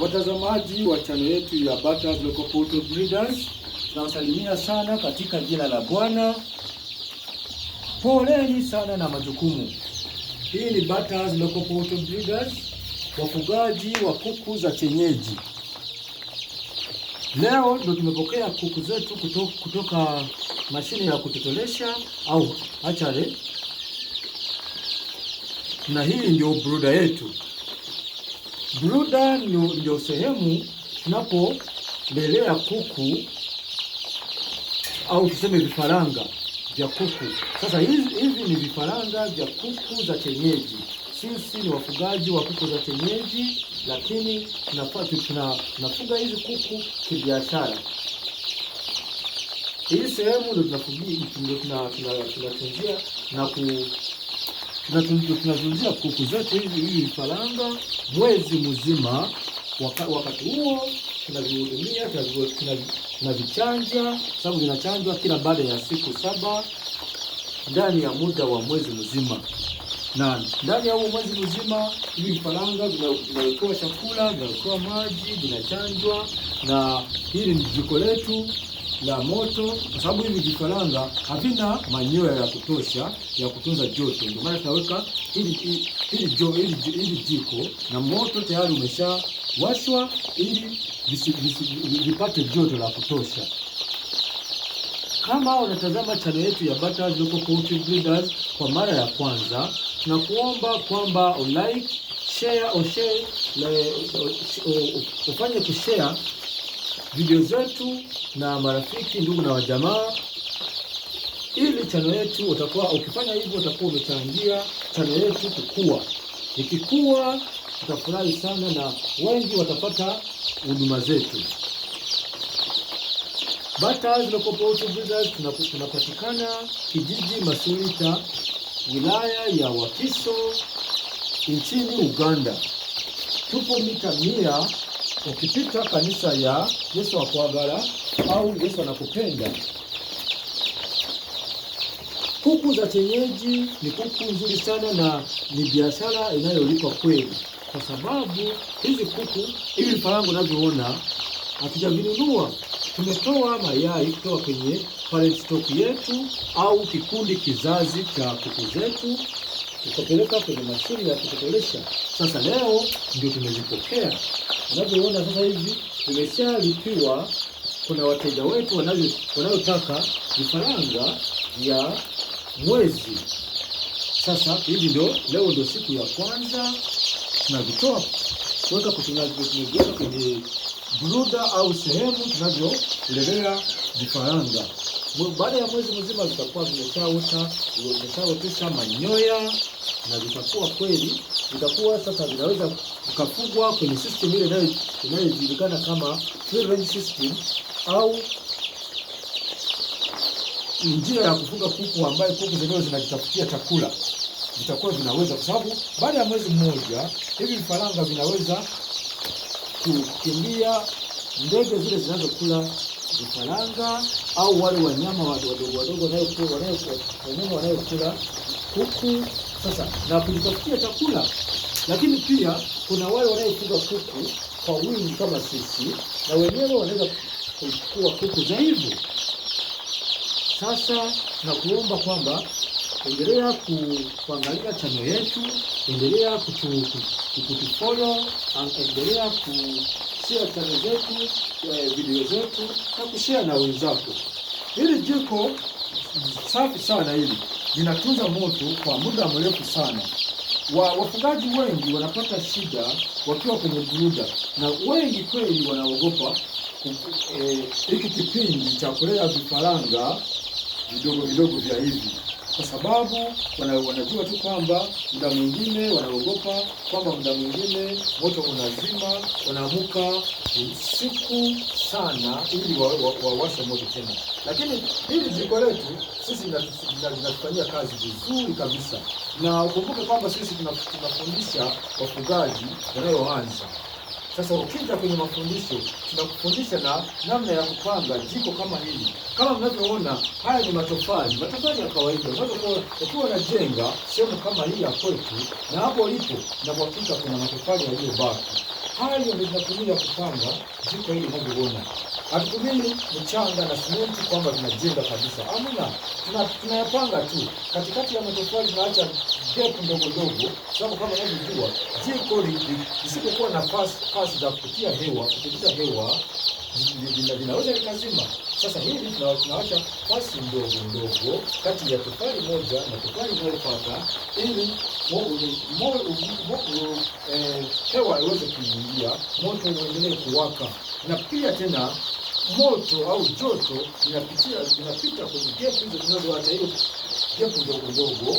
Watazamaji wa chano yetu ya Batas Local Poultry Breeders, nawasalimia sana katika jina la Bwana. Poleni sana na majukumu. Hii ni Batas Local Poultry Breeders, wafugaji wa kuku za chenyeji. Leo ndo tumepokea kuku zetu kutoka, kutoka mashine ya kutotolesha au achare, na hii ndio broda yetu bruda ndio sehemu tunapolelea kuku au tuseme vifaranga vya kuku. Sasa hivi ni vifaranga vya kuku za chenyeji. Sisi ni wafugaji wa kuku za chenyeji, lakini tunafuga hizi kuku kibiashara. Hii sehemu ndio tunatunzia na ku tunazungumzia kuku zetu hizi, hii vifaranga mwezi mzima, wakati huo tunavihudumia, tunavichanja, sababu vinachanjwa kila baada ya siku saba ndani ya muda wa mwezi mzima na ndani ya huo mwezi mzima hivi vifaranga vinawekewa chakula, vinawekewa maji, vinachanjwa, na hili ni jiko letu la moto, kwa sababu hivi vifaranga havina manyoya ya kutosha ya kutunza joto. Ndio maana tunaweka ili ili jiko na moto tayari umeshawashwa ili vipate joto la kutosha. Kama unatazama chaneli yetu ya Butters Local Cultive Breeders kwa mara ya kwanza, tunakuomba kwamba ulike, share, o share, ufanye kushare video zetu na marafiki, ndugu na wajamaa, ili chano yetu. Utakuwa ukifanya hivyo, utakuwa umechangia chano yetu kukua. Ikikua tutafurahi sana, na wengi watapata huduma zetu. Bata Local tunapatikana kijiji Masulita, wilaya ya Wakiso, nchini Uganda. Tupo mita mia Ukipita kanisa ya Yesu akwagala au Yesu anakupenda, kuku za chenyeji ni kuku nzuri sana na ni biashara inayolipa kweli, kwa sababu hizi kuku, hivi vifaranga unavyoona, hatujavinunua. Tumetoa mayai kutoka kwenye parent stock yetu au kikundi kizazi cha kuku zetu tukapeleka kwenye mashine ya kutotolesha. Sasa leo ndio tumezipokea. Unavyoona sasa hivi tumeshalipiwa, Kuna wateja wetu wanayotaka vifaranga vya mwezi. Sasa hivi ndio leo ndio siku ya kwanza tunavitoa kuweka kutunaviweka kwenye bruda au sehemu tunavyolelea vifaranga. Baada ya mwezi mzima vitakuwa vimeshaota vimeshaotesha manyoya na vitakuwa kweli vitakuwa sasa vinaweza vikafugwa kwenye system ile inayojulikana kama free range system au njia ya kufuga kuku ambayo kuku zenyewe zinajitafutia chakula vitakuwa vinaweza, kwa sababu baada ya mwezi mmoja hivi vifaranga vinaweza kukimbia ndege zile zinazokula vifaranga au wale wanyama wadogo wadogo wanyama wanayokula kuku sasa na kujitafutia chakula. Lakini pia kuna wale wanaofuga kuku kwa wingi kama sisi, na wenyewe wanaweza kuchukua kuku zaidi. Sasa nakuomba kwamba endelea kuangalia chano yetu, endelea kutufollow, endelea kushare chano zetu, eh, video zetu na kushare na wenzako. Hili jiko safi sana hili linatunza moto kwa muda mrefu sana. Wa, wafugaji wengi wanapata shida wakiwa kwenye gruda, na wengi kweli wanaogopa eh, hiki e, kipindi cha kulea vifaranga vidogo vidogo vya hivi kwa sababu wanajua tu kwamba muda mwingine wanaogopa kwamba muda mwingine moto unazima, wanaamuka siku sana ili wawashe moto tena. Lakini hili jiko letu sisi linatufanyia kazi vizuri kabisa, na ukumbuke kwamba sisi tunafundisha wafugaji wanayoanza sasa ukija kwenye mafundisho tunakufundisha na namna ya kupanga jiko kama hili. Kama mnavyoona, haya ni matofali, matofali ya kawaida. Ukiwa unajenga sehemu kama hii ya kwetu, na hapo ulipo, na kwa hakika kuna matofali yaliyobaki. Hayo ndio tunatumia kupanga jiko hili unavyoona. Hatutumii mchanga na simenti kwamba tunajenga kabisa, amna tunayapanga tu katikati ya matofali tunaacha tepu ndogo ndogo, sababu kama unavyojua jiko lisipokuwa na pasi za kupitia hewa kupitisha hewa vinaweza vikazima. Sasa hivi tunawacha pasi ndogo ndogo kati ya tofali moja na tofali inayofuata ili eh, hewa iweze kuingia, moto uendelee kuwaka. Na pia tena moto au joto inapita kwenye gepu hizo tunazoacha, hiyo gepu ndogo ndogo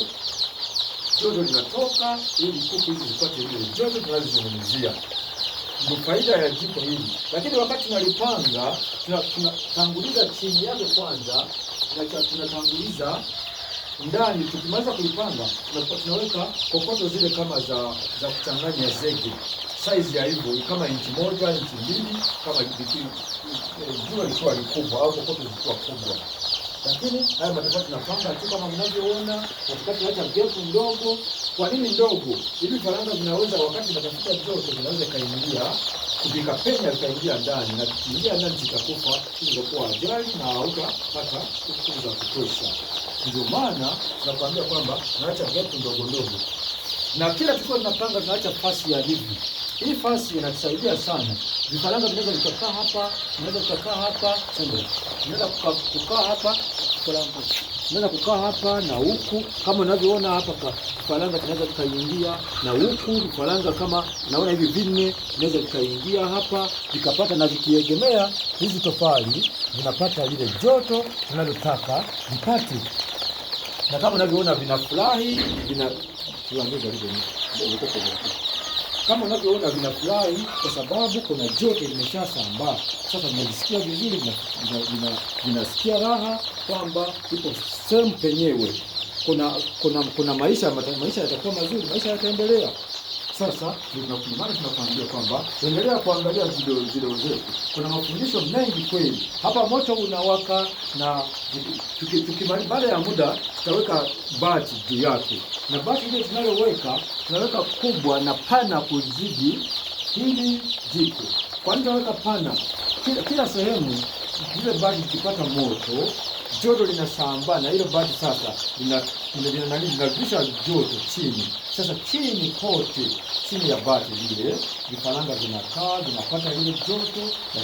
joto linatoka ili mkuku hizi zipate ile joto tunazizungumzia ndio faida ya jiko hili. Lakini wakati tunalipanga tunatanguliza tuna chini yake kwanza, tunatanguliza ndani. Tukimaliza kulipanga tunaweka kokoto zile kama za za kuchanganya zege, size ya hivyo kama inchi moja inchi mbili, kama eh, jua likiwa likubwa au kokoto zikiwa kubwa lakini haya matokeo tunapanga tu kama mnavyoona, katikati hata gepu ndogo. Kwa nini ndogo? Hivi faranga vinaweza wakati vinatafuta mtoto vinaweza ikaingia kupika penya vikaingia ndani, na vikiingia ndani zitakufa, zitakuwa ajali na hautapata kuku za kutosha. Ndio maana tunakwambia kwamba tunaacha gepu ndogo ndogo, na kila tukio tunapanga tunaacha fasi ya hivi hii fasi inatusaidia sana. Vifaranga vinaweza vikakaa hapa, vinaweza vikakaa hapa, vinaweza kukaa hapa kifaranga. Unaweza kukaa hapa na huku, kama unavyoona hapa kifaranga kinaweza kikaingia na huku vifaranga, kama naona hivi vinne vinaweza vikaingia hapa vikapata, na vikiegemea hizi tofali vinapata lile joto tunalotaka vipate, na kama unavyoona vinafurahi vina kama unavyoona vinafurahi kwa sababu kuna joto limeshasambaa. Sasa vinajisikia vizuri, vinasikia raha kwamba ipo sehemu penyewe, kuna kuna kuna maisha maisha yatakuwa mazuri, maisha yataendelea. Sasa tunakumana tunakuambia kwamba endelea kuangalia video video zetu, kuna mafundisho mengi kweli hapa. Moto unawaka na tuki, baada ya muda tutaweka bati juu yake, na bati ile tunayoweka tunaweka kubwa na pana kuzidi hili jiko. Kwa nini tunaweka pana? Kila, kila sehemu zile bati zikipata moto joto linasambaa na hilo bati sasa linarudisha joto chini. Sasa chini kote, chini ya bati lile vifaranga vinakaa vinapata ile joto na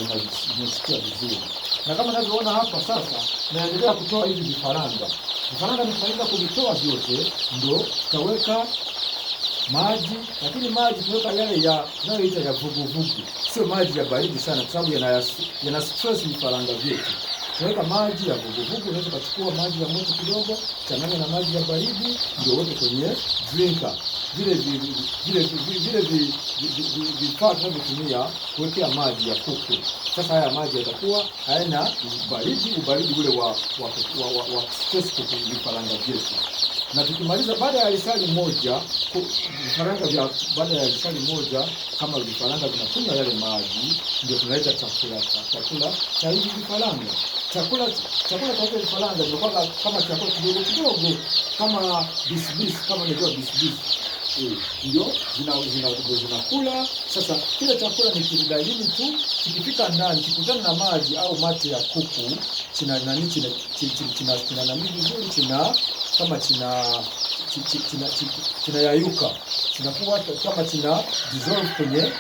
vinasikia vizuri, na kama navyoona hapa sasa, naendelea kutoa hivi vifaranga. Vifaranga nifaida kuvitoa vyote, ndo tutaweka maji, lakini maji kuweka yale ya tunayoita ya vuguvugu, sio maji ya baridi sana, kwa sababu yana yana stress vifaranga vyetu. Tunaweka maji ya vuguvugu, unaweza kuchukua maji ya moto kidogo, changanya na maji ya baridi, ndio uweke kwenye drinker vile vile vile vifaa tunavyotumia kuwekea maji ya kuku. Sasa haya maji yatakuwa hayana ubaridi, ubaridi ule wa wa stress kwa vifaranga vyetu na tukimaliza baada ya lisali moja vifaranga vya baada ya lisali moja, kama vifaranga vinakunywa yale maji, ndio tunaita chakula chakula cha hivi vifaranga. Chakula chakula cha hivi vifaranga ndio kama chakula kidogo kidogo, kama bisbis, kama eh, ndio bisbis ndio zinakula. Sasa kile chakula ni kidalili tu, kikifika ndani kikutana na maji au mate ya kuku, china nani, china nani vizuri, china kama china yayuka kinakuwa kama china dissolve kwenye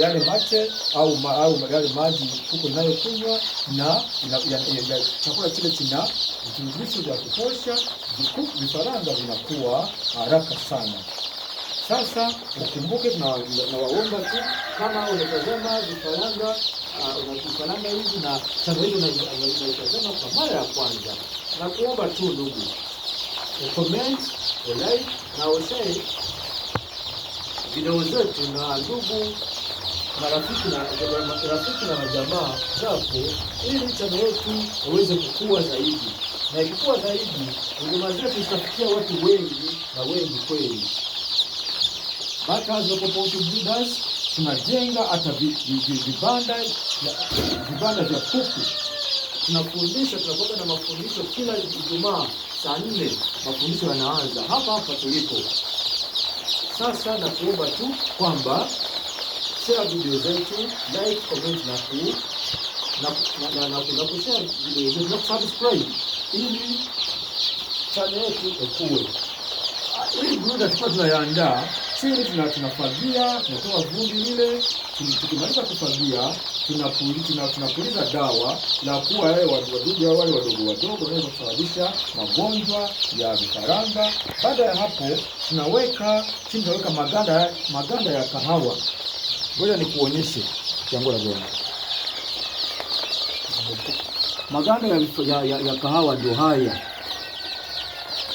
yale mate au ma, au yale maji huko inayokunywa na chakula kile china virutubisho vya kutosha, vifaranga vinakuwa haraka sana. Sasa ukumbuke na waomba tu, kama unatazama vifaranga ah, vifaranga hivi na tango hizo unaitazama kwa mara ya kwanza, na kuomba tu ndugu au like na share video zetu na ndugu marafiki na majamaa zako, ili chano yetu uweze kukua zaidi, na ikikua zaidi huduma zetu zitafikia watu wengi na wengi kweli. Bakazi tunajenga hata vibanda vya kuku tunafundisha tunakuwa na mafundisho kila Ijumaa saa nne, mafundisho yanaanza hapa hapa tulipo sasa. Nakuomba tu kwamba share video zetu, like, comment na ku na na kushare video zetu na subscribe ili channel yetu ikue. Hii brooder tulikuwa tunayaandaa chini, tunafagia tunatoa vumbi lile, tukimaliza kufagia tunapuliza dawa la kuwa yale eh, wadudu wale wadogo wadogo wanaweza eh, kusababisha magonjwa ya vifaranga. Baada ya hapo, tunaweka chini, tunaweka maganda maganda ya kahawa. Ngoja nikuonyeshe la zao maganda ya, ya, ya, ya kahawa ndio haya,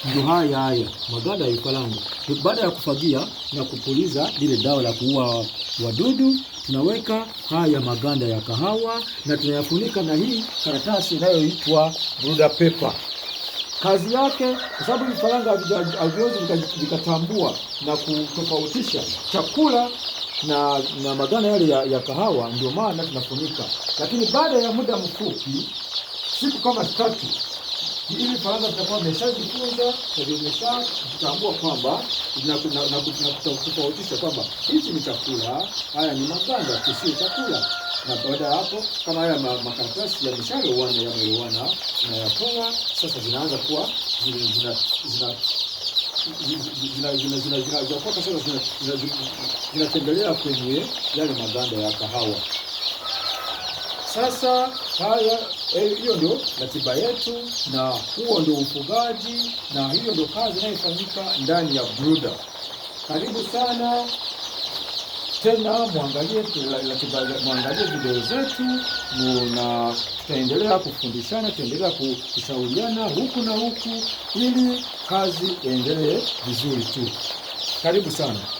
ndio haya haya maganda ya vifaranga. Baada ya kufagia na kupuliza lile dawa la kuua wadudu tunaweka haya maganda ya kahawa na tunayafunika na hii karatasi inayoitwa bruda pepa. Kazi yake kwa sababu vifaranga haviwezi vikatambua na kutofautisha chakula na, na maganda yale ya, ya kahawa, ndio maana tunafunika. Lakini baada ya muda mfupi, siku kama tatu ili faradha zitakuwa zimeshajifunza na zimeshatambua kwamba na kutofautisha kwamba hichi ni chakula, haya ni maganda, kisio chakula. Na baada ya hapo, kama haya makaratasi yameshalowana, yamelowana, tunayafunga sasa, zinaanza kuwa zina zinatembelea kwenye yale maganda ya kahawa. Sasa haya eh, hiyo eh, ndio ratiba yetu, na huo ndio ufugaji, na hiyo ndio kazi inayofanyika ndani ya brooder. Karibu sana tena, mwangalie ratiba, mwangalie video zetu, na tutaendelea kufundishana, tutaendelea kushauriana huku na huku, ili kazi iendelee vizuri tu. Karibu sana.